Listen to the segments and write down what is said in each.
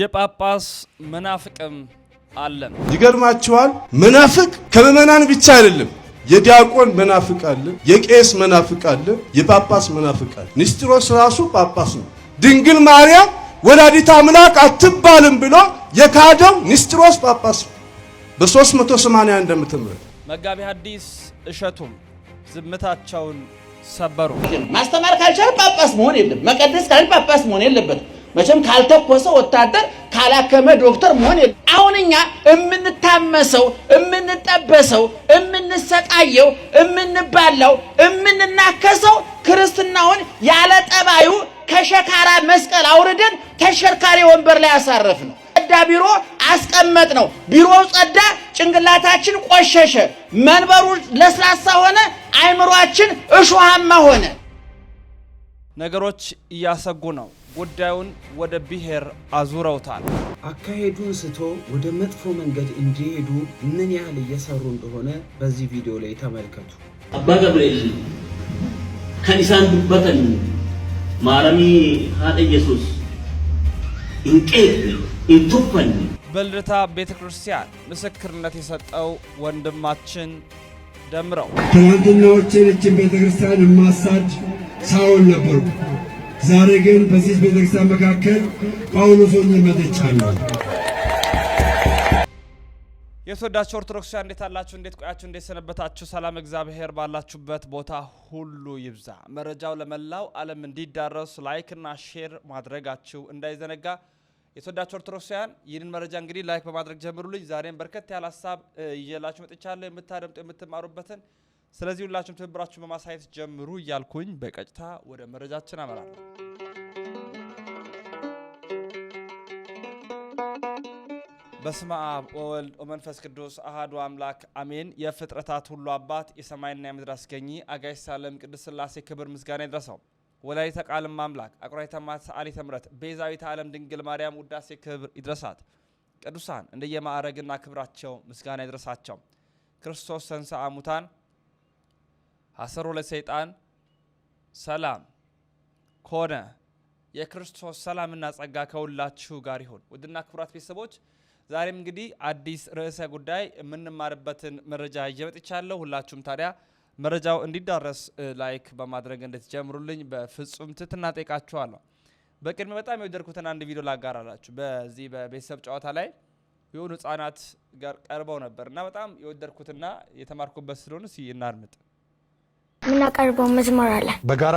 የጳጳስ መናፍቅም አለ። ይገርማችኋል። መናፍቅ ከምዕመናን ብቻ አይደለም። የዲያቆን መናፍቅ አለ፣ የቄስ መናፍቅ አለ፣ የጳጳስ መናፍቅ አለ። ንስጥሮስ ራሱ ጳጳስ ነው። ድንግል ማርያም ወላዲተ አምላክ አትባልም ብሎ የካደው ንስጥሮስ ጳጳስ ነው በ381 ዓ.ም መጋቢ ሐዲስ እሸቱም ዝምታቸውን ሰበሩ። ማስተማር ካልቻለ ጳጳስ መሆን የለም። መቀደስ ካለ ጳጳስ መሆን የለበትም። መቼም ካልተኮሰ ወታደር ካላከመ ዶክተር መሆን አሁን እኛ እምንታመሰው እምንጠበሰው እምንሰቃየው እምንባላው እምንናከሰው ክርስትናውን ያለ ጠባዩ ከሸካራ መስቀል አውርደን ተሽከርካሪ ወንበር ላይ ያሳረፍ ነው። ጸዳ ቢሮ አስቀመጥ ነው። ቢሮው ጸዳ፣ ጭንቅላታችን ቆሸሸ፣ መንበሩ ለስላሳ ሆነ፣ አይምሯችን እሾሃማ ሆነ። ነገሮች እያሰጉ ነው። ጉዳዩን ወደ ብሔር አዙረውታል። አካሄዱን ስቶ ወደ መጥፎ መንገድ እንዲሄዱ ምን ያህል እየሰሩ እንደሆነ በዚህ ቪዲዮ ላይ ተመልከቱ። አባ ገብርኤል ከኒሳን ዱበተን ማረሚ ሀደ ኢየሱስ እንቄት እንቱፈን በልደታ ቤተ ክርስቲያን ምስክርነት የሰጠው ወንድማችን ደምረው ትናንትናዎችን እችን ቤተ ክርስቲያን የማሳድ ሳውል ነበርኩ ዛሬ ግን በዚህ ቤተክርስቲያን መካከል ጳውሎስ ሆኜ መጥቻለሁ። የተወዳችሁ ኦርቶዶክሳውያን እንዴት አላችሁ? እንዴት ቆያችሁ? እንዴት ሰነበታችሁ? ሰላም እግዚአብሔር ባላችሁበት ቦታ ሁሉ ይብዛ። መረጃው ለመላው ዓለም እንዲዳረስ ላይክና ሼር ማድረጋችሁ እንዳይዘነጋ። የተወዳችሁ ኦርቶዶክሳውያን ይህንን መረጃ እንግዲህ ላይክ በማድረግ ጀምሩልኝ። ዛሬም በርከት ያለ ሀሳብ እየላችሁ መጥቻለሁ። የምታደምጡ የምትማሩበትን ስለዚህ ሁላችሁም ትብብራችሁ በማሳየት ጀምሩ እያልኩኝ በቀጥታ ወደ መረጃችን አመራለሁ። በስመ አብ ወወልድ ወመንፈስ ቅዱስ አህዱ አምላክ አሜን። የፍጥረታት ሁሉ አባት የሰማይና የምድር አስገኚ አጋዕዝተ ዓለም ቅድስት ሥላሴ ክብር ምስጋና ይድረሰው። ወላዲተ ቃል አምላክ አቁራይተ እማት ሰአሊተ ምሕረት ቤዛዊተ ዓለም ድንግል ማርያም ውዳሴ ክብር ይድረሳት። ቅዱሳን እንደየማዕረግና ክብራቸው ምስጋና ይድረሳቸው። ክርስቶስ ተንሥአ እሙታን አሰሮ ለሰይጣን ሰላም ከሆነ የክርስቶስ ሰላምና ጸጋ ከሁላችሁ ጋር ይሁን። ውድና ክቡራት ቤተሰቦች ዛሬም እንግዲህ አዲስ ርዕሰ ጉዳይ የምንማርበትን መረጃ ይዤ ሁላችሁም ታዲያ መረጃው እንዲዳረስ ላይክ በማድረግ እንድትጀምሩልኝ በፍጹም ትትና ጠይቃችኋለሁ። በቅድሚያ በጣም የወደድኩትን አንድ ቪዲዮ ላጋራላችሁ። በዚህ በቤተሰብ ጨዋታ ላይ የሆኑ ህጻናት ጋር ቀርበው ነበር እና በጣም የወደድኩትና የተማርኩበት ስለሆነ እስኪ እናድምጥ። የምናቀርበው መዝሙር አለ። በጋራ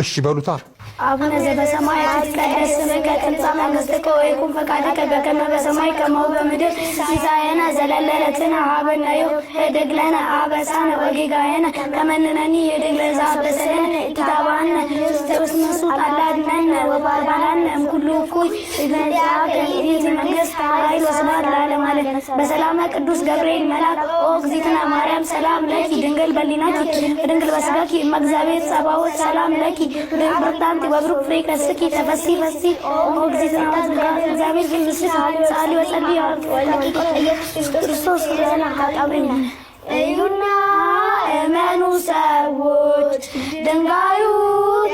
እሺ በሉታ። አቡነ ዘበሰማያት ይትቀደስ ስምከ ትምጻእ መንግሥትከ ወይኩን ፈቃድከ በከመ በሰማይ ከማሁ በምድር ሲሳየነ ዘለለዕለትነ ሀበነ ዮም ህድግ ለነ አበሳነ ወጌጋየነ ከመ ንሕነኒ ህድግ ለዘአበሰለነ ኢታብአነ ውስተ ቀላእድነነ ወባልባላነ እምኩሉ እኩይ ይትንሳከ ይእቲ መንግሥት ኃይል ወስብሐት ለዓለሙ ዓለም። በሰላመ ቅዱስ ገብርኤል መልአክ ኦ እግዝእትነ ማርያም ሰላም ለኪ ድንግል በሊናኪ ድንግል በስጋኪ መእግዚአብሔር ጸባው ሰላም ለኪ ብርታንቲ ወብሩክ ፍሬ ከስኪ ተፈሲ ፈሲ ኦ እግዚእነ እዩና እመኑ ሰዎች ድንጋዩ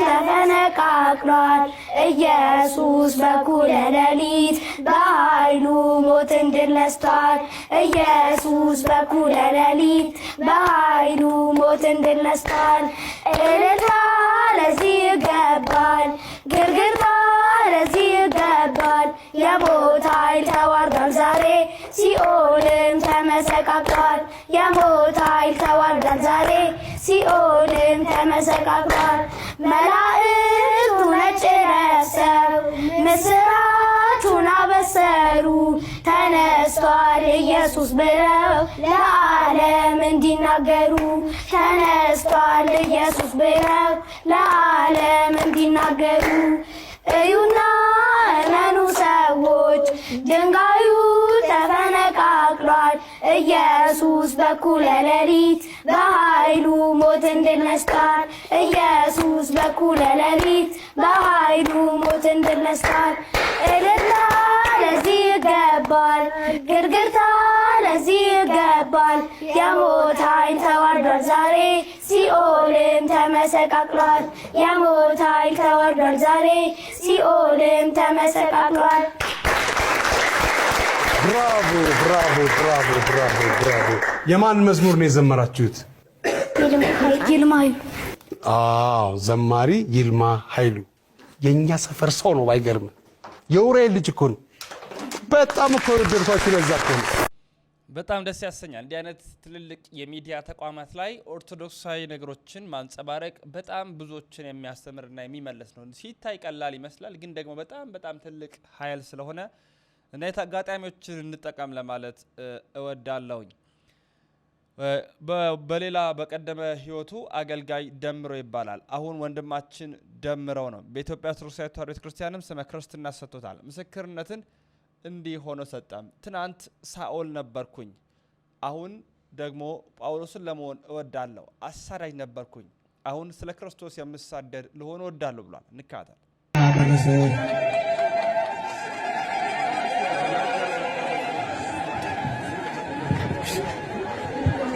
ተፈነቃቅሏል። ኢየሱስ በኩለ ሌሊት በኃይሉ ሞትን ድል ነስቷል። ኢየሱስ በኩለ ሌሊት በኃይሉ ሞትን ድል ነስቷል። እልልታ ለዚህ ይገባል፣ ግርግርታ ለዚህ ይገባል። የሞት ኃይል ተዋርዷል ዛሬ ሲኦልም ተመሰቃቅሏል። የሞት ኃይል ተዋርዷል ዛሬ ሲኦልም ተመሰቃቅሏል። መላእ ነጭ ረሰብ ምስራቹን አበሰሩ ተነስቷል ኢየሱስ ብለው ለዓለም እንዲናገሩ ተነስቷል ኢየሱስ ብለው ለዓለም እንዲናገሩ እዩና እመኑ ሰዎች ድንጋዩ ተፈነቃቅሏል። ኢየሱስ በኩለ ሌሊት በኃይሉ ሞትን ድል ነስቷል። ኢየሱስ በኩለ ሌሊት በኃይሉ ሞትን ድል ነስቷል። እልልና ለዚህ ይገባል፣ ግርግርታ ለዚህ ይገባል። የሞት ተዋርዷል ዛሬ ሲኦልም ተመሰቃቅሏል። የሞት ተዋርዷል ዛሬ ሲኦልም ተመሰቃቅሏል። ብራቮ ብራቮ ብራቮ ብራቮ ብራቮ። የማን መዝሙር ነው የዘመራችሁት? ዘማሪ ይልማ ኃይሉ የእኛ ሰፈር ሰው ነው። ባይገርም የውሬ ልጅ እኮ ነው። በጣም እኮ ወደድኳችሁ። ለዛ በጣም ደስ ያሰኛል። እንዲህ አይነት ትልልቅ የሚዲያ ተቋማት ላይ ኦርቶዶክሳዊ ነገሮችን ማንጸባረቅ በጣም ብዙዎችን የሚያስተምርና የሚመለስ ነው። ሲታይ ቀላል ይመስላል፣ ግን ደግሞ በጣም በጣም ትልቅ ኃይል ስለሆነ እና አጋጣሚዎችን እንጠቀም ለማለት እወዳለሁኝ። በሌላ በቀደመ ህይወቱ አገልጋይ ደምሮ ይባላል። አሁን ወንድማችን ደምረው ነው። በኢትዮጵያ ኦርቶዶክስ ተዋሕዶ ቤተክርስቲያንም ስመ ክርስትና ሰጥቶታል። ምስክርነትን እንዲህ ሆኖ ሰጠም። ትናንት ሳኦል ነበርኩኝ፣ አሁን ደግሞ ጳውሎስን ለመሆን እወዳለሁ። አሳዳጅ ነበርኩኝ፣ አሁን ስለ ክርስቶስ የምሳደድ ልሆን እወዳለሁ ብሏል። እንካተል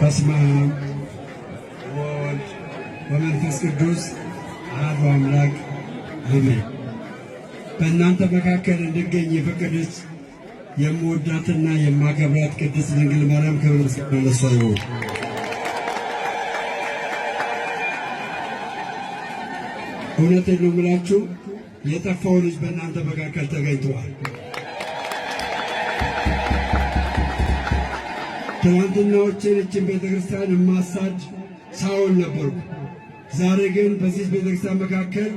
በስመ አብ ወወልድ ወመንፈስ ቅዱስ አሐዱ አምላክ አሜን። በእናንተ መካከል እንድገኝ የፈቀደች የምወዳትና የማከብራት ቅድስት ድንግል ማርያም ክብር ምስጋና ለእሷ ይሁን። እውነቴን ነው የምላችሁ፣ የጠፋው ልጅ በእናንተ መካከል ተገኝተዋል። ትናንትናዎችን እችን ቤተክርስቲያን የማሳድ ሳውል ነበርኩ። ዛሬ ግን በዚህ ቤተክርስቲያን መካከል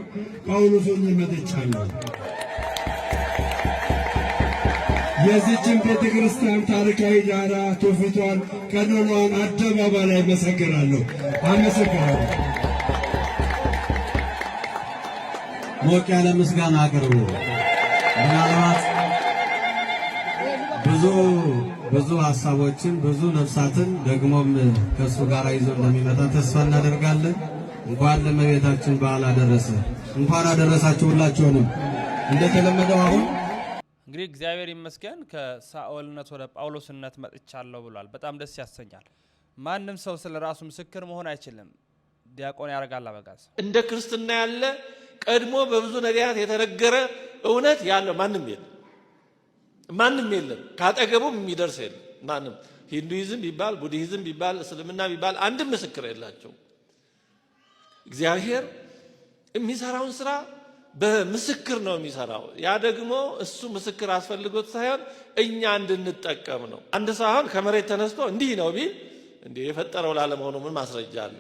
ጳውሎስ ሆኜ መጥቻለሁ። የዚችን ቤተ ክርስቲያን ታሪካዊ ዳራ ትውፊቷን፣ ቀኖኗን አደባባይ ላይ መሰክራለሁ። አመሰግናለሁ። ሞቅ ያለ ምስጋና አቅርቡ። ምናልባት ብዙ ብዙ ሀሳቦችን ብዙ ነፍሳትን ደግሞም ከእሱ ጋር ይዞ እንደሚመጣ ተስፋ እናደርጋለን። እንኳን ለመቤታችን በዓል አደረሰ። እንኳን አደረሳችሁ ሁላችሁንም እንደተለመደው አሁን እንግዲህ እግዚአብሔር ይመስገን ከሳኦልነት ወደ ጳውሎስነት መጥቻለሁ ብሏል። በጣም ደስ ያሰኛል። ማንም ሰው ስለ ራሱ ምስክር መሆን አይችልም። ዲያቆን ያደርጋል አበጋዝ እንደ ክርስትና ያለ ቀድሞ በብዙ ነቢያት የተነገረ እውነት ያለው ማንም የለም፣ ማንም የለም። ካጠገቡም የሚደርስ የለም ማንም። ሂንዱይዝም ቢባል ቡድሂዝም ቢባል እስልምና ቢባል አንድም ምስክር የላቸው። እግዚአብሔር የሚሰራውን ስራ በምስክር ነው የሚሰራው። ያ ደግሞ እሱ ምስክር አስፈልጎት ሳይሆን እኛ እንድንጠቀም ነው። አንድ ሰው አሁን ከመሬት ተነስቶ እንዲህ ነው ቢል እንዲ የፈጠረው ላለመሆኑ ምን ማስረጃ አለ?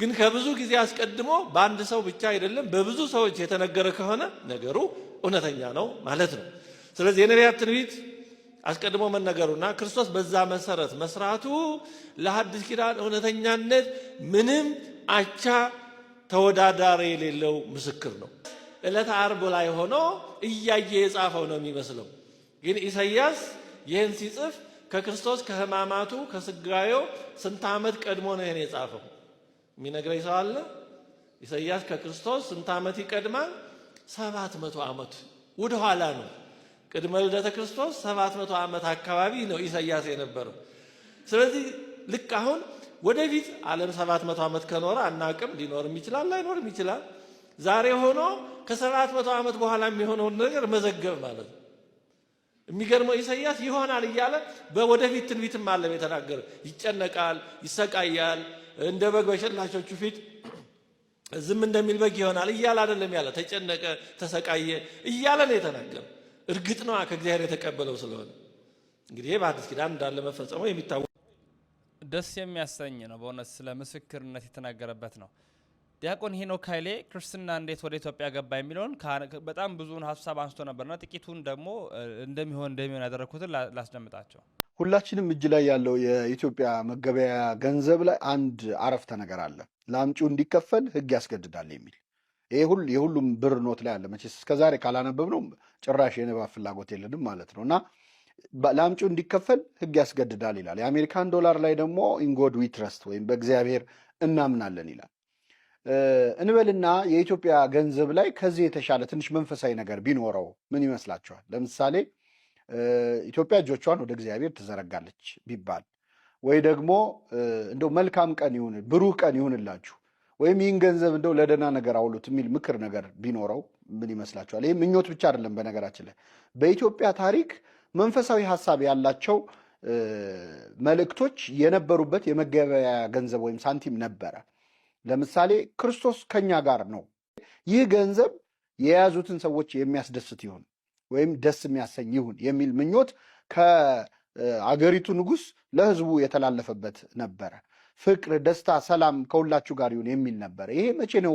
ግን ከብዙ ጊዜ አስቀድሞ በአንድ ሰው ብቻ አይደለም በብዙ ሰዎች የተነገረ ከሆነ ነገሩ እውነተኛ ነው ማለት ነው። ስለዚህ የነቢያት ትንቢት አስቀድሞ መነገሩና ክርስቶስ በዛ መሰረት መስራቱ ለሐዲስ ኪዳን እውነተኛነት ምንም አቻ ተወዳዳሪ የሌለው ምስክር ነው። ዕለተ ዓርብ ላይ ሆኖ እያየ የጻፈው ነው የሚመስለው። ግን ኢሳይያስ ይህን ሲጽፍ ከክርስቶስ ከህማማቱ ከስጋዌው ስንት ዓመት ቀድሞ ነው ይህን የጻፈው? የሚነግረኝ ሰው አለ? ኢሳይያስ ከክርስቶስ ስንት ዓመት ይቀድማል? ሰባት መቶ ዓመት ወደ ኋላ ነው። ቅድመ ልደተ ክርስቶስ ሰባት መቶ ዓመት አካባቢ ነው ኢሳይያስ የነበረው። ስለዚህ ልክ አሁን ወደፊት ዓለም ሰባት መቶ ዓመት ከኖረ አናቅም፣ ሊኖርም ይችላል ላይኖርም ይችላል። ዛሬ ሆኖ ከሰባት መቶ ዓመት በኋላ የሚሆነውን ነገር መዘገብ ማለት ነው። የሚገርመው ኢሳይያስ ይሆናል እያለ በወደፊት ትንቢትም አለም የተናገረ ይጨነቃል፣ ይሰቃያል፣ እንደ በግ በሸላቾቹ ፊት ዝም እንደሚል በግ ይሆናል እያለ አይደለም ያለ ተጨነቀ፣ ተሰቃየ እያለ ነው የተናገረ። እርግጥ ነዋ ከእግዚአብሔር የተቀበለው ስለሆነ እንግዲህ በአዲስ ኪዳን እንዳለ መፈጸመው የሚታወቅ ደስ የሚያሰኝ ነው። በእውነት ስለ ምስክርነት የተናገረበት ነው። ዲያቆን ሄኖክ ኃይሌ ክርስትና እንዴት ወደ ኢትዮጵያ ገባ የሚለውን በጣም ብዙውን ሀሳብ አንስቶ ነበርና ጥቂቱን ደግሞ እንደሚሆን እንደሚሆን ያደረግኩትን ላስደምጣቸው። ሁላችንም እጅ ላይ ያለው የኢትዮጵያ መገበያ ገንዘብ ላይ አንድ አረፍተ ነገር አለ፣ ለአምጪው እንዲከፈል ሕግ ያስገድዳል የሚል ይሄ የሁሉም ብር ኖት ላይ አለ። መቼስ እስከዛሬ ካላነበብ ነው ጭራሽ የንባብ ፍላጎት የለንም ማለት ነው እና ለአምጪው እንዲከፈል ሕግ ያስገድዳል ይላል። የአሜሪካን ዶላር ላይ ደግሞ ኢንጎድ ዊትረስት ወይም በእግዚአብሔር እናምናለን ይላል። እንበልና የኢትዮጵያ ገንዘብ ላይ ከዚህ የተሻለ ትንሽ መንፈሳዊ ነገር ቢኖረው ምን ይመስላችኋል? ለምሳሌ ኢትዮጵያ እጆቿን ወደ እግዚአብሔር ትዘረጋለች ቢባል ወይ ደግሞ እንደው መልካም ቀን ይሁን ብሩህ ቀን ይሁንላችሁ ወይም ይህን ገንዘብ እንደው ለደህና ነገር አውሉት የሚል ምክር ነገር ቢኖረው ምን ይመስላችኋል? ይህ ምኞት ብቻ አይደለም። በነገራችን ላይ በኢትዮጵያ ታሪክ መንፈሳዊ ሀሳብ ያላቸው መልእክቶች የነበሩበት የመገበያያ ገንዘብ ወይም ሳንቲም ነበረ። ለምሳሌ ክርስቶስ ከኛ ጋር ነው። ይህ ገንዘብ የያዙትን ሰዎች የሚያስደስት ይሁን ወይም ደስ የሚያሰኝ ይሁን የሚል ምኞት ከአገሪቱ ንጉሥ ለሕዝቡ የተላለፈበት ነበረ። ፍቅር፣ ደስታ፣ ሰላም ከሁላችሁ ጋር ይሁን የሚል ነበረ። ይሄ መቼ ነው?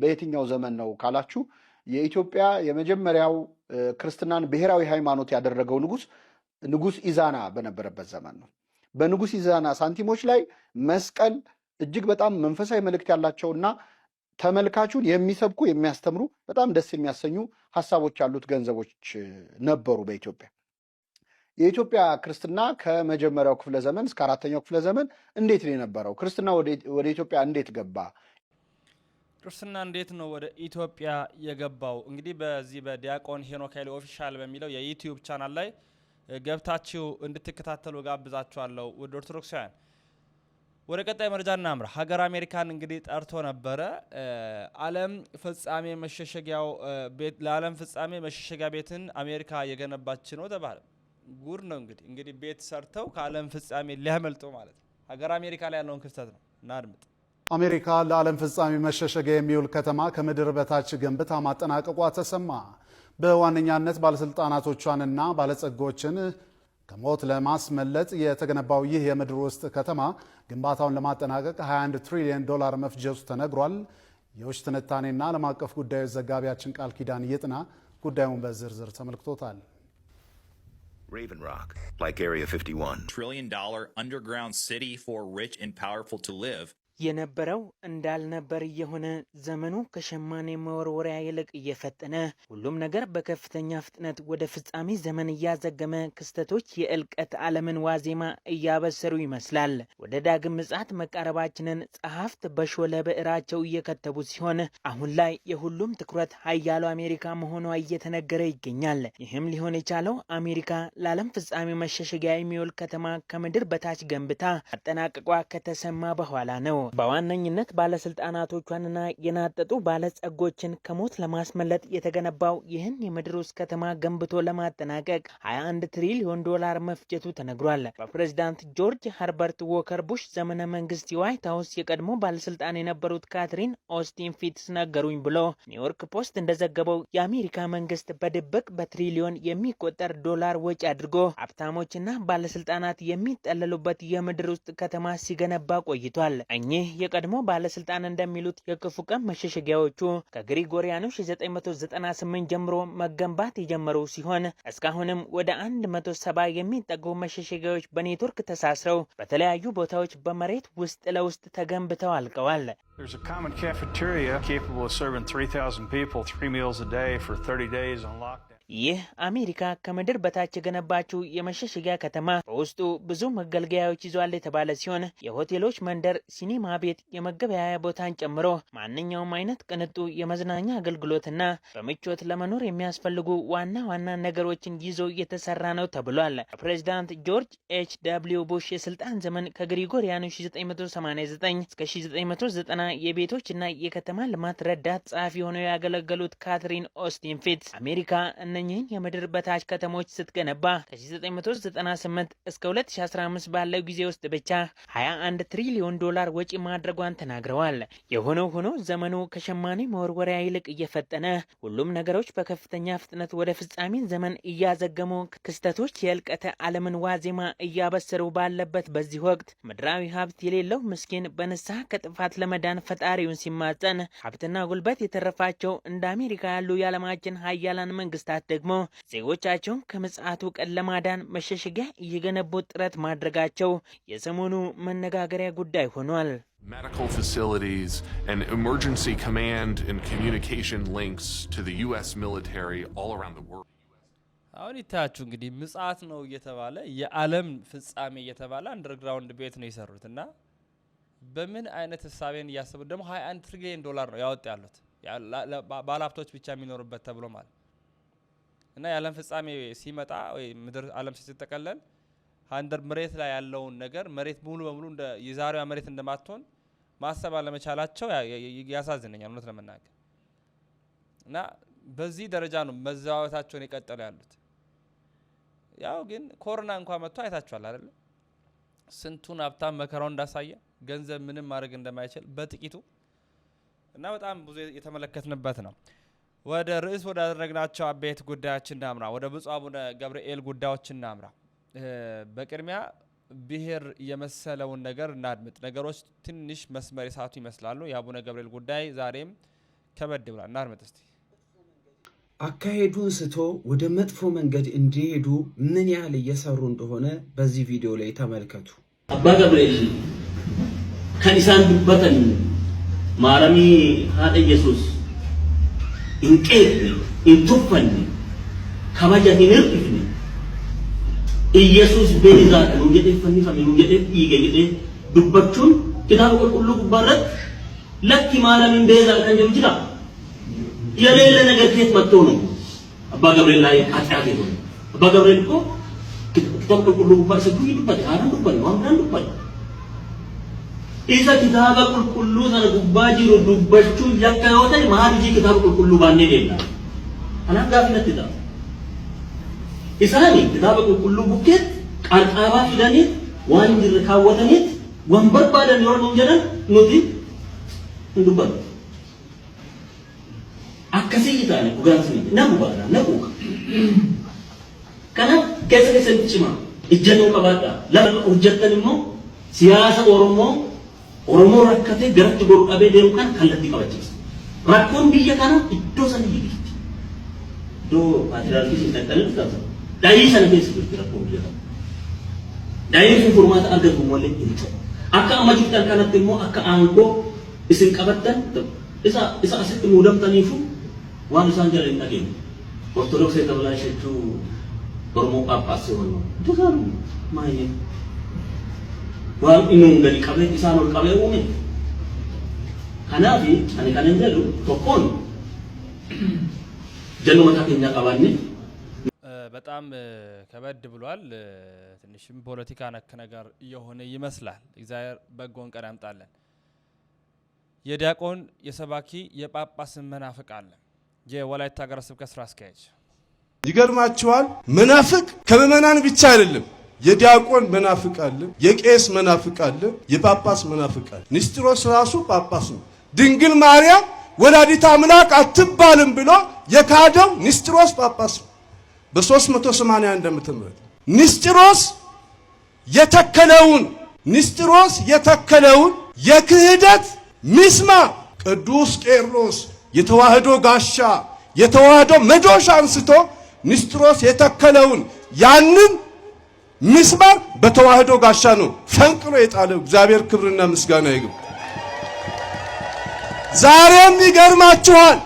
በየትኛው ዘመን ነው ካላችሁ የኢትዮጵያ የመጀመሪያው ክርስትናን ብሔራዊ ሃይማኖት ያደረገው ንጉሥ ንጉሥ ኢዛና በነበረበት ዘመን ነው። በንጉሥ ኢዛና ሳንቲሞች ላይ መስቀል እጅግ በጣም መንፈሳዊ መልእክት ያላቸውና ተመልካቹን የሚሰብኩ የሚያስተምሩ በጣም ደስ የሚያሰኙ ሀሳቦች ያሉት ገንዘቦች ነበሩ በኢትዮጵያ። የኢትዮጵያ ክርስትና ከመጀመሪያው ክፍለ ዘመን እስከ አራተኛው ክፍለ ዘመን እንዴት ነው የነበረው? ክርስትና ወደ ኢትዮጵያ እንዴት ገባ? ክርስትና እንዴት ነው ወደ ኢትዮጵያ የገባው? እንግዲህ በዚህ በዲያቆን ሄኖክ ኃይሌ ኦፊሻል በሚለው የዩትዩብ ቻናል ላይ ገብታችሁ እንድትከታተሉ ጋብዛችኋለሁ ውድ ኦርቶዶክሳውያን። ወደ ቀጣይ መረጃ እናምራ። ሀገር አሜሪካን እንግዲህ ጠርቶ ነበረ። ዓለም ፍጻሜ መሸሸጊያው ቤት ለዓለም ፍጻሜ መሸሸጊያ ቤትን አሜሪካ የገነባች ነው ተባለ። ጉር ነው እንግዲህ እንግዲህ ቤት ሰርተው ከዓለም ፍጻሜ ሊያመልጡ ማለት ነው። ሀገር አሜሪካ ላይ ያለውን ክፍተት ነው እና አድምጥ። አሜሪካ ለዓለም ፍጻሜ መሸሸጊያ የሚውል ከተማ ከምድር በታች ገንብታ ማጠናቀቋ ተሰማ። በዋነኛነት ባለስልጣናቶቿንና ባለጸጎችን ከሞት ለማስመለጥ የተገነባው ይህ የምድር ውስጥ ከተማ ግንባታውን ለማጠናቀቅ 21 ትሪሊዮን ዶላር መፍጀቱ ተነግሯል። የውጭ ትንታኔና ዓለም አቀፍ ጉዳዮች ዘጋቢያችን ቃል ኪዳን ይጥና ጉዳዩን በዝርዝር ተመልክቶታል። Raven Rock, like Area 51. Trillion dollar underground city for rich and powerful to live. የነበረው እንዳልነበር እየሆነ ዘመኑ ከሸማኔ መወርወሪያ ይልቅ እየፈጠነ ሁሉም ነገር በከፍተኛ ፍጥነት ወደ ፍጻሜ ዘመን እያዘገመ ክስተቶች የእልቀት ዓለምን ዋዜማ እያበሰሩ ይመስላል። ወደ ዳግም ምጽአት መቃረባችንን ጸሐፍት በሾለ ብዕራቸው እየከተቡ ሲሆን አሁን ላይ የሁሉም ትኩረት ሀያሉ አሜሪካ መሆኗ እየተነገረ ይገኛል። ይህም ሊሆን የቻለው አሜሪካ ለዓለም ፍጻሜ መሸሸጊያ የሚውል ከተማ ከምድር በታች ገንብታ አጠናቅቋ ከተሰማ በኋላ ነው። በዋነኝነት ባለስልጣናቶቿንና የናጠጡ ባለጸጎችን ከሞት ለማስመለጥ የተገነባው ይህን የምድር ውስጥ ከተማ ገንብቶ ለማጠናቀቅ 21 ትሪሊዮን ዶላር መፍጀቱ ተነግሯል። በፕሬዚዳንት ጆርጅ ሀርበርት ዎከር ቡሽ ዘመነ መንግስት የዋይት ሀውስ የቀድሞ ባለስልጣን የነበሩት ካትሪን ኦስቲን ፊትስ ነገሩኝ ብሎ ኒውዮርክ ፖስት እንደዘገበው የአሜሪካ መንግስት በድብቅ በትሪሊዮን የሚቆጠር ዶላር ወጪ አድርጎ ሀብታሞችና ባለስልጣናት የሚጠለሉበት የምድር ውስጥ ከተማ ሲገነባ ቆይቷል። እኚህ እኚህ የቀድሞ ባለስልጣን እንደሚሉት የክፉ ቀን መሸሸጊያዎቹ ከግሪጎሪያኑ 1998 ጀምሮ መገንባት የጀመሩ ሲሆን እስካሁንም ወደ 170 የሚጠጉ መሸሸጊያዎች በኔትወርክ ተሳስረው በተለያዩ ቦታዎች በመሬት ውስጥ ለውስጥ ተገንብተው አልቀዋል። There's a common cafeteria capable of serving 3,000 people three meals a day for 30 days on ይህ አሜሪካ ከምድር በታች የገነባችው የመሸሸጊያ ከተማ በውስጡ ብዙ መገልገያዎች ይዟል የተባለ ሲሆን የሆቴሎች መንደር፣ ሲኒማ ቤት፣ የመገበያያ ቦታን ጨምሮ ማንኛውም አይነት ቅንጡ የመዝናኛ አገልግሎትና በምቾት ለመኖር የሚያስፈልጉ ዋና ዋና ነገሮችን ይዞ የተሰራ ነው ተብሏል። ፕሬዚዳንት ጆርጅ ኤች ደብሊው ቡሽ የስልጣን ዘመን ከግሪጎሪያኑ 1989 እስከ 1990 የቤቶችና የከተማ ልማት ረዳት ጸሐፊ ሆነው ያገለገሉት ካትሪን ኦስቲን ፊትስ አሜሪካ እነኝህን የምድር በታች ከተሞች ስትገነባ ከ1998 እስከ 2015 ባለው ጊዜ ውስጥ ብቻ 21 ትሪሊዮን ዶላር ወጪ ማድረጓን ተናግረዋል። የሆነው ሆኖ ዘመኑ ከሸማኔ መወርወሪያ ይልቅ እየፈጠነ ሁሉም ነገሮች በከፍተኛ ፍጥነት ወደ ፍጻሜ ዘመን እያዘገሙ ክስተቶች የእልቀተ ዓለምን ዋዜማ እያበሰሩ ባለበት በዚህ ወቅት ምድራዊ ሀብት የሌለው ምስኪን በንስሐ ከጥፋት ለመዳን ፈጣሪውን ሲማጸን ሀብትና ጉልበት የተረፋቸው እንደ አሜሪካ ያሉ የዓለማችን ሀያላን መንግስታት ደግሞ ዜጎቻቸውን ከምጽአቱ ቀን ለማዳን መሸሸጊያ እየገነቡት ጥረት ማድረጋቸው የሰሞኑ መነጋገሪያ ጉዳይ ሆኗል። አሁን ይታያችሁ እንግዲህ ምጽአት ነው እየተባለ የዓለም ፍጻሜ እየተባለ አንደርግራውንድ ቤት ነው የሰሩት እና በምን አይነት ህሳቤን እያሰቡ ደግሞ 21 ትሪሊየን ዶላር ነው ያወጡ ያሉት ባለሀብቶች ብቻ የሚኖሩበት ተብሎ ማለት እና የዓለም ፍጻሜ ሲመጣ ወይ ምድር ዓለም ስትጠቀለል አንደር መሬት ላይ ያለውን ነገር መሬት ሙሉ በሙሉ እንደ የዛሬዋ መሬት እንደማትሆን ማሰብ አለመቻላቸው ያሳዝነኛል እውነት ለመናገር እና በዚህ ደረጃ ነው መዘዋወታቸውን የቀጠሉ ያሉት። ያው ግን ኮሮና እንኳ መጥቶ አይታችኋል አይደለም? ስንቱን ሀብታም መከራው እንዳሳየ ገንዘብ ምንም ማድረግ እንደማይችል በጥቂቱ እና በጣም ብዙ የተመለከትንበት ነው። ወደ ርዕስ ወዳደረግናቸው አበይት ጉዳዮች እናምራ። ወደ ብፁዕ አቡነ ገብርኤል ጉዳዮች እናምራ። በቅድሚያ ብሔር የመሰለውን ነገር እናድምጥ። ነገሮች ትንሽ መስመር የሳቱ ይመስላሉ። የአቡነ ገብርኤል ጉዳይ ዛሬም ከበድ ብሏል። እናድምጥ እስቲ። አካሄዱን ስቶ ወደ መጥፎ መንገድ እንዲሄዱ ምን ያህል እየሰሩ እንደሆነ በዚህ ቪዲዮ ላይ ተመልከቱ። አባ ገብርኤል ከኒሳን ዱበተን ማረሚ ሀደ ኢየሱስ hin qeeqne, hin tuffanne, kabaja hin hir'ifne, Iyyasuus beenizaadha nuu jedhee fannifame nuu jedhee dhiige jedhee dubbachuun kitaaba qulqulluu gubbaarratti lakki maalamin beezaa kan jedhu jira. የሌለ ነገር ከየት መጥቶ ነው? አባ ገብርኤል ላይ ኃጢአት የሆነ አባ ገብርኤል እኮ ቁጥቁጥ ሁሉ ባሰጉ ይዱበት አራን ዱበት ዋን ዱበት isa kitaaba qulqulluu sana gubbaa jiru dubbachuun yakka yoo ta'e maalii kitaaba qulqulluu baannee deemna kanaan gaafinatti ta'a. Isaanii kitaaba qulqulluu bukkeetti qarqaraa fidaniit waan jirre kaawwataniit waan barbaadan yoo nuun jedhan nuti hin dubbannu. Akkasii itaane dhugaansi nama baana na quuqa. Kanaaf keessa keessatti cimaa ijjannoo qabaadhaa lafa hojjettan immoo siyaasa Oromoo Oromoon rakkatee garatti godhu dhabee deemu kan kallattii qabachiisa. Rakkoon biyya kanaa iddoo sana hin jirti. Iddoo siin hin dhaqqaleen fudhatama. Daa'ii sana keessa jirti rakkoon biyya kanaa. Daa'ii sun furmaata argatu malee hin ta'u. Akka amma jirtan kanatti immoo akka aangoo isin qabattan isa isa asitti muudamtaniifu waan isaan jala hin dhageenye. Ortodoksii tabalaa ishee jechuun Oromoo Phaaphaasii Oromoo. Dagaaguma maayee. waan inni gadi qabee isaan ol qabee uume. Kanaaf ani kan hin jedhu tokkoon ጀኖ መታከኛ eh, በጣም eh, ከበድ ብሏል። eh, ትንሽም ፖለቲካ ነክ ነገር እየሆነ ይመስላል። እግዚአብሔር በጎን ቀን ያምጣለን። የዲያቆን የሰባኪ የጳጳስን መናፍቅ አለ። የወላይታ ሀገረ ስብከት ስራ አስኪያጅ ይገርማችኋል። መናፍቅ ከምእመናን ብቻ አይደለም የዲያቆን መናፍቅ አለ፣ የቄስ መናፍቅ አለ፣ የጳጳስ መናፍቅ አለ። ንስጥሮስ ራሱ ጳጳስ ነው። ድንግል ማርያም ወላዲት አምላክ አትባልም ብሎ የካደው ንስጥሮስ ጳጳስ ነው። በ381 ዓመተ ምህረት የተከለውን ንስጥሮስ የተከለውን የክህደት ሚስማ ቅዱስ ቄርሎስ የተዋህዶ ጋሻ የተዋህዶ መዶሻ አንስቶ ንስጥሮስ የተከለውን ያንን ምስማር በተዋህዶ ጋሻ ነው ፈንቅሎ የጣለው። እግዚአብሔር ክብርና ምስጋና ይግባ። ዛሬም ይገርማችኋል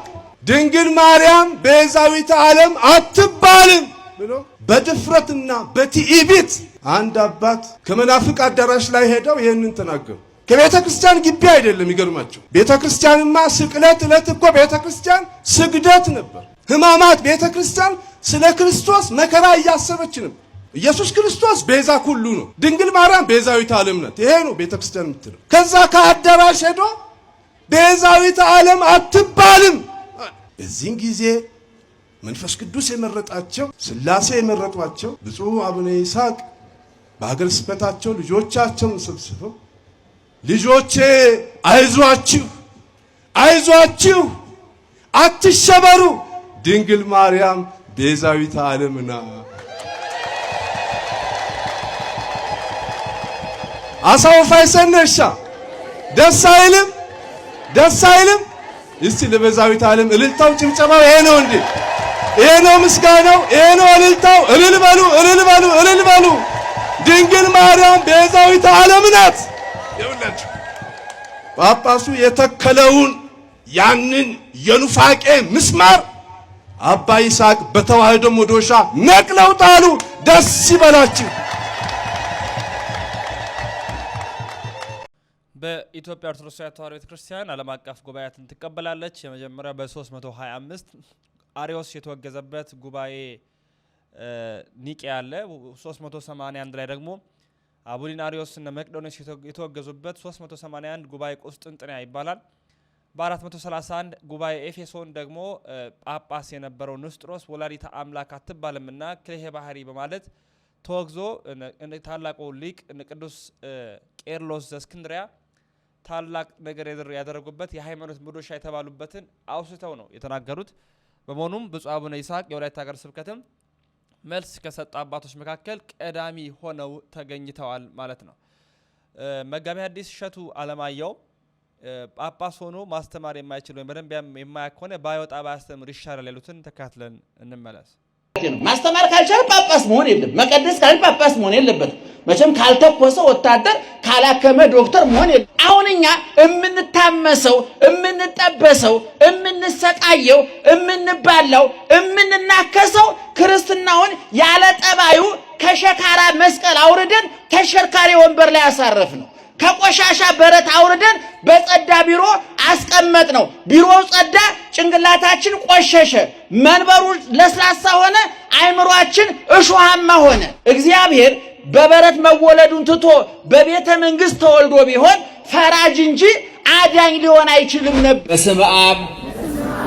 ድንግል ማርያም ቤዛዊት ዓለም አትባልም ብሎ በድፍረትና በትዕቢት አንድ አባት ከመናፍቅ አዳራሽ ላይ ሄደው ይህንን ተናገሩ። ከቤተ ክርስቲያን ግቢ አይደለም። ይገርማቸው ቤተ ክርስቲያንማ ስቅለት ዕለት እኮ ቤተ ክርስቲያን ስግደት ነበር። ሕማማት ቤተ ክርስቲያን ስለ ክርስቶስ መከራ እያሰበች ነበር። ኢየሱስ ክርስቶስ ቤዛ ሁሉ ነው። ድንግል ማርያም ቤዛዊት ዓለም ናት። ይሄ ነው ቤተክርስቲያን የምትለው። ከዛ ከአዳራሽ ሄዶ ቤዛዊት ዓለም አትባልም። በዚህን ጊዜ መንፈስ ቅዱስ የመረጣቸው ስላሴ የመረጧቸው ብፁዕ አቡነ ይስሐቅ በሀገር ስብከታቸው ልጆቻቸውን ሰብስበው ልጆቼ አይዟችሁ፣ አይዟችሁ፣ አትሸበሩ ድንግል ማርያም ቤዛዊት ዓለም ናት አሳውፋይሰነሻ ደስ አይልም? ደስ አይልም? እስቲ ለቤዛዊት ዓለም እልልታው ጭብጨባው ይሄ ነው እንዴ? ይሄ ነው ምስጋናው? ይሄ ነው እልልታው? እልል በሉ፣ እልል በሉ፣ እልል በሉ። ድንግል ማርያም ቤዛዊት ዓለም ናት። ይኸውላችሁ ጳጳሱ የተከለውን ያንን የኑፋቄ ምስማር አባ ይስሐቅ በተዋህዶ መዶሻ ነቅለው ጣሉ። ደስ ይበላችሁ። በኢትዮጵያ ኦርቶዶክስ ተዋሕዶ ቤተክርስቲያን ዓለም አቀፍ ጉባኤያትን ትቀበላለች። የመጀመሪያ በ325 አሪዎስ የተወገዘበት ጉባኤ ኒቄ አለ። 381 ላይ ደግሞ አሪዎስ እና መቅዶኒዎስ የተወገዙበት 381 ጉባኤ ቁስጥንጥንያ ይባላል። በ431 ጉባኤ ኤፌሶን ደግሞ ጳጳስ የነበረው ንስጥሮስ ወላዲተ አምላክ አትባልምና ክልኤ ባህሪ በማለት ተወግዞ ታላቁ ሊቅ ቅዱስ ቄርሎስ ዘእስክንድርያ ታላቅ ነገር ያደረጉበት የሃይማኖት መዶሻ የተባሉበትን አውስተው ነው የተናገሩት። በመሆኑም ብፁዕ አቡነ ይስሐቅ የወላይታ ሀገረ ስብከትም መልስ ከሰጡ አባቶች መካከል ቀዳሚ ሆነው ተገኝተዋል ማለት ነው። መጋቢ ሐዲስ እሸቱ አለማየሁ ጳጳስ ሆኖ ማስተማር የማይችል ወይም በደንብ የማያውቅ ከሆነ ባይወጣ ባያስተምር ይሻላል ያሉትን ተካትለን እንመለስ። ማስተማር ካልቻለ ጳጳስ መሆን የለም። መቀደስ ካል ጳጳስ መሆን የለበትም። መቼም ካልተኮሰ ወታደር ካላከመ ዶክተር መሆን የለም። አሁን እኛ እምንታመሰው፣ እምንጠበሰው፣ እምንሰቃየው፣ እምንባላው፣ እምንናከሰው ክርስትናውን ያለ ጠባዩ ከሸካራ መስቀል አውርደን ተሽከርካሪ ወንበር ላይ አሳረፍ ነው። ከቆሻሻ በረት አውርደን በጸዳ ቢሮ አስቀመጥ ነው። ቢሮው ጸዳ ጭንቅላታችን ቆሸሸ፣ መንበሩ ለስላሳ ሆነ፣ አይምሯችን እሾሃማ ሆነ። እግዚአብሔር በበረት መወለዱን ትቶ በቤተ መንግሥት ተወልዶ ቢሆን ፈራጅ እንጂ አዳኝ ሊሆን አይችልም ነበር። በስመ አብ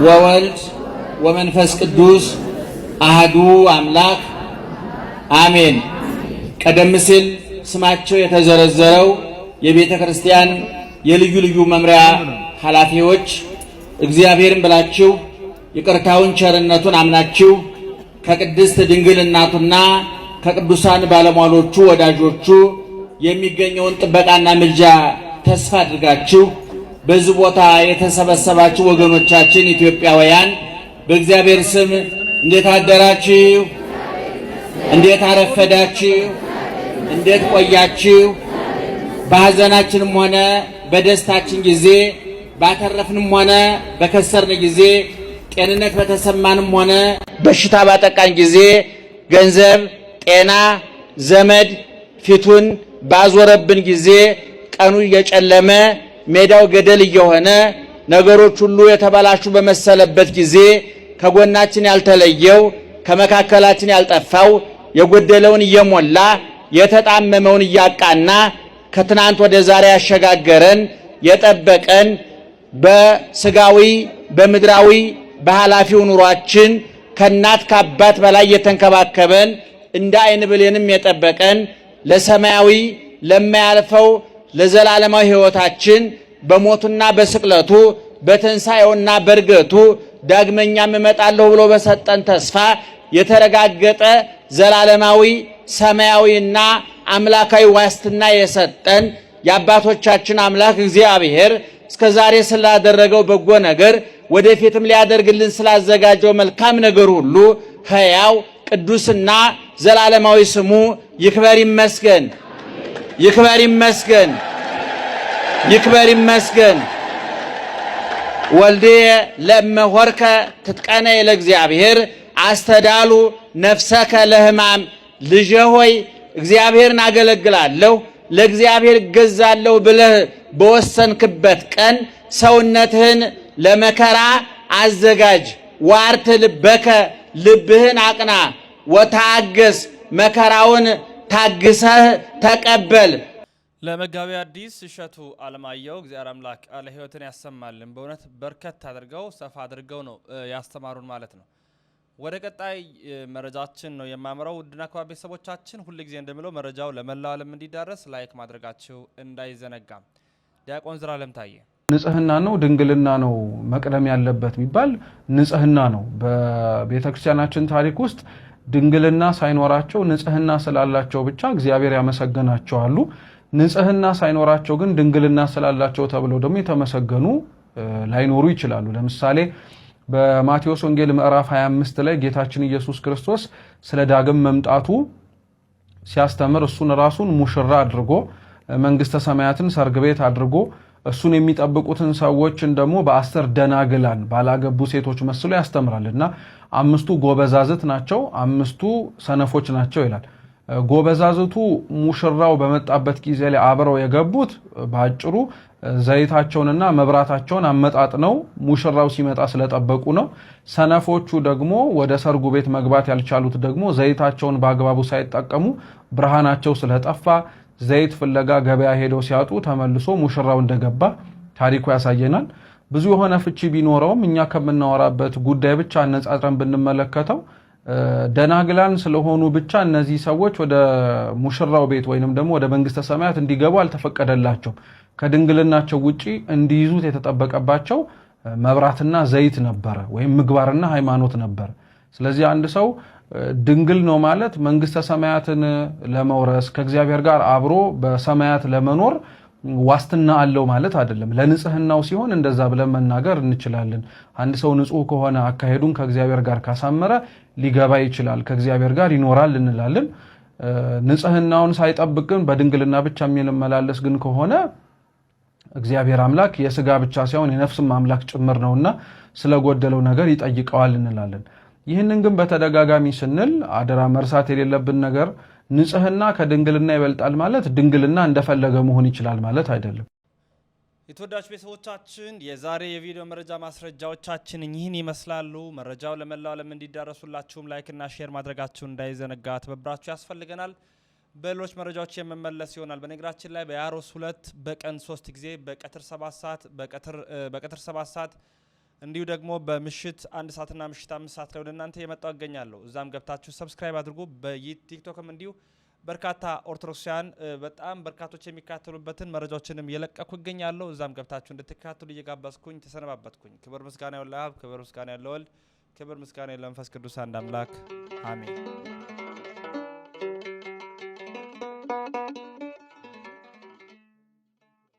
ወወልድ ወመንፈስ ቅዱስ አህዱ አምላክ አሜን። ቀደም ሲል ስማቸው የተዘረዘረው የቤተ ክርስቲያን የልዩ ልዩ መምሪያ ኃላፊዎች እግዚአብሔርን ብላችሁ ይቅርታውን ቸርነቱን አምናችሁ ከቅድስት ድንግል እናቱና ከቅዱሳን ባለሟሎቹ ወዳጆቹ የሚገኘውን ጥበቃና ምልጃ ተስፋ አድርጋችሁ በዚህ ቦታ የተሰበሰባችሁ ወገኖቻችን ኢትዮጵያውያን በእግዚአብሔር ስም እንዴት አደራችሁ? እንዴት አረፈዳችሁ? እንዴት ቆያችሁ? በሐዘናችንም ሆነ በደስታችን ጊዜ ባተረፍንም ሆነ በከሰርን ጊዜ፣ ጤንነት በተሰማንም ሆነ በሽታ ባጠቃን ጊዜ ገንዘብ፣ ጤና፣ ዘመድ ፊቱን ባዞረብን ጊዜ ቀኑ እየጨለመ ሜዳው ገደል እየሆነ ነገሮች ሁሉ የተበላሹ በመሰለበት ጊዜ ከጎናችን ያልተለየው ከመካከላችን ያልጠፋው የጎደለውን እየሞላ የተጣመመውን እያቃና ከትናንት ወደ ዛሬ ያሸጋገረን የጠበቀን በስጋዊ በምድራዊ በኃላፊው ኑሯችን ከእናት ከአባት በላይ የተንከባከበን እንደ አይን ብሌንም የጠበቀን ለሰማያዊ ለማያልፈው ለዘላለማዊ ሕይወታችን በሞቱና በስቅለቱ በትንሣኤውና በእርገቱ ዳግመኛም እመጣለሁ ብሎ በሰጠን ተስፋ የተረጋገጠ ዘላለማዊ ሰማያዊና አምላካዊ ዋስትና የሰጠን የአባቶቻችን አምላክ እግዚአብሔር እስከ ዛሬ ስላደረገው በጎ ነገር ወደፊትም ሊያደርግልን ስላዘጋጀው መልካም ነገር ሁሉ ሕያው ቅዱስና ዘላለማዊ ስሙ ይክበር ይመስገን፣ ይክበር ይመስገን፣ ይክበር ይመስገን። ወልዴ ለመሆርከ ትጥቀነይ ለእግዚአብሔር አስተዳሉ ነፍሰከ ለሕማም። ልጄ ሆይ እግዚአብሔርን አገለግላለሁ ለእግዚአብሔር እገዛለሁ ብለህ በወሰንክበት ቀን ሰውነትህን ለመከራ አዘጋጅ። ዋርት ልበከ ልብህን አቅና። ወታገስ መከራውን ታግሰህ ተቀበል። ለመጋቢ አዲስ እሸቱ አለማየሁ እግዚአብሔር አምላክ ለህይወትን ያሰማልን። በእውነት በርከት አድርገው ሰፋ አድርገው ነው ያስተማሩን ማለት ነው። ወደ ቀጣይ መረጃችን ነው የማምረው። ውድና ክቡራን ቤተሰቦቻችን ሁልጊዜ እንደምለው መረጃው ለመላው ዓለም እንዲዳረስ ላይክ ማድረጋችሁ እንዳይዘነጋም ዲያቆን ዘላለም ታየ ንጽህና ነው ድንግልና ነው መቅደም ያለበት የሚባል ንጽህና ነው። በቤተ ክርስቲያናችን ታሪክ ውስጥ ድንግልና ሳይኖራቸው ንጽህና ስላላቸው ብቻ እግዚአብሔር ያመሰገናቸው አሉ። ንጽህና ሳይኖራቸው ግን ድንግልና ስላላቸው ተብለው ደግሞ የተመሰገኑ ላይኖሩ ይችላሉ። ለምሳሌ በማቴዎስ ወንጌል ምዕራፍ 25 ላይ ጌታችን ኢየሱስ ክርስቶስ ስለ ዳግም መምጣቱ ሲያስተምር እሱን ራሱን ሙሽራ አድርጎ መንግስተ ሰማያትን ሰርግ ቤት አድርጎ እሱን የሚጠብቁትን ሰዎችን ደግሞ በአስር ደናግላን ባላገቡ ሴቶች መስሎ ያስተምራል እና አምስቱ ጎበዛዝት ናቸው፣ አምስቱ ሰነፎች ናቸው ይላል። ጎበዛዝቱ ሙሽራው በመጣበት ጊዜ ላይ አብረው የገቡት በአጭሩ ዘይታቸውንና መብራታቸውን አመጣጥ ነው ሙሽራው ሲመጣ ስለጠበቁ ነው። ሰነፎቹ ደግሞ ወደ ሰርጉ ቤት መግባት ያልቻሉት ደግሞ ዘይታቸውን በአግባቡ ሳይጠቀሙ ብርሃናቸው ስለጠፋ ዘይት ፍለጋ ገበያ ሄደው ሲያጡ ተመልሶ ሙሽራው እንደገባ ታሪኩ ያሳየናል። ብዙ የሆነ ፍቺ ቢኖረውም እኛ ከምናወራበት ጉዳይ ብቻ አነጻጽረን ብንመለከተው ደናግላን ስለሆኑ ብቻ እነዚህ ሰዎች ወደ ሙሽራው ቤት ወይንም ደግሞ ወደ መንግስተ ሰማያት እንዲገቡ አልተፈቀደላቸውም። ከድንግልናቸው ውጪ እንዲይዙት የተጠበቀባቸው መብራትና ዘይት ነበረ፣ ወይም ምግባርና ሃይማኖት ነበረ። ስለዚህ አንድ ሰው ድንግል ነው ማለት መንግስተ ሰማያትን ለመውረስ ከእግዚአብሔር ጋር አብሮ በሰማያት ለመኖር ዋስትና አለው ማለት አይደለም። ለንጽህናው ሲሆን እንደዛ ብለን መናገር እንችላለን። አንድ ሰው ንጹህ ከሆነ አካሄዱን ከእግዚአብሔር ጋር ካሳመረ ሊገባ ይችላል፣ ከእግዚአብሔር ጋር ይኖራል እንላለን። ንጽህናውን ሳይጠብቅን በድንግልና ብቻ የሚመላለስ ግን ከሆነ እግዚአብሔር አምላክ የስጋ ብቻ ሳይሆን የነፍስም አምላክ ጭምር ነውና ስለጎደለው ነገር ይጠይቀዋል እንላለን። ይህንን ግን በተደጋጋሚ ስንል አደራ መርሳት የሌለብን ነገር ንጽህና ከድንግልና ይበልጣል ማለት ድንግልና እንደፈለገ መሆን ይችላል ማለት አይደለም። የተወዳጅ ቤተሰቦቻችን የዛሬ የቪዲዮ መረጃ ማስረጃዎቻችን እኚህን ይመስላሉ። መረጃው ለመላው ዓለም እንዲዳረሱላችሁም ላይክና ሼር ማድረጋችሁን እንዳይዘነጋ ትብብራችሁ ያስፈልገናል። በሌሎች መረጃዎች የምመለስ ይሆናል። በነገራችን ላይ በያሮስ ሁለት በቀን ሶስት ጊዜ በቀትር ሰባት ሰዓት በቀትር ሰባት ሰዓት እንዲሁ ደግሞ በምሽት አንድ ሰዓትና ምሽት አምስት ሰዓት ላይ ወደ እናንተ የመጣው እገኛለሁ። እዛም ገብታችሁ ሰብስክራይብ አድርጉ። በቲክቶክም እንዲሁ በርካታ ኦርቶዶክሳውያን በጣም በርካቶች የሚካተሉበትን መረጃዎችንም የለቀኩ እገኛለሁ። እዛም ገብታችሁ እንድትካተሉ እየጋበዝኩኝ ተሰነባበትኩኝ። ክብር ምስጋና ለአብ፣ ክብር ምስጋና ወልድ፣ ክብር ምስጋና መንፈስ ቅዱስ አንድ አምላክ አሜን።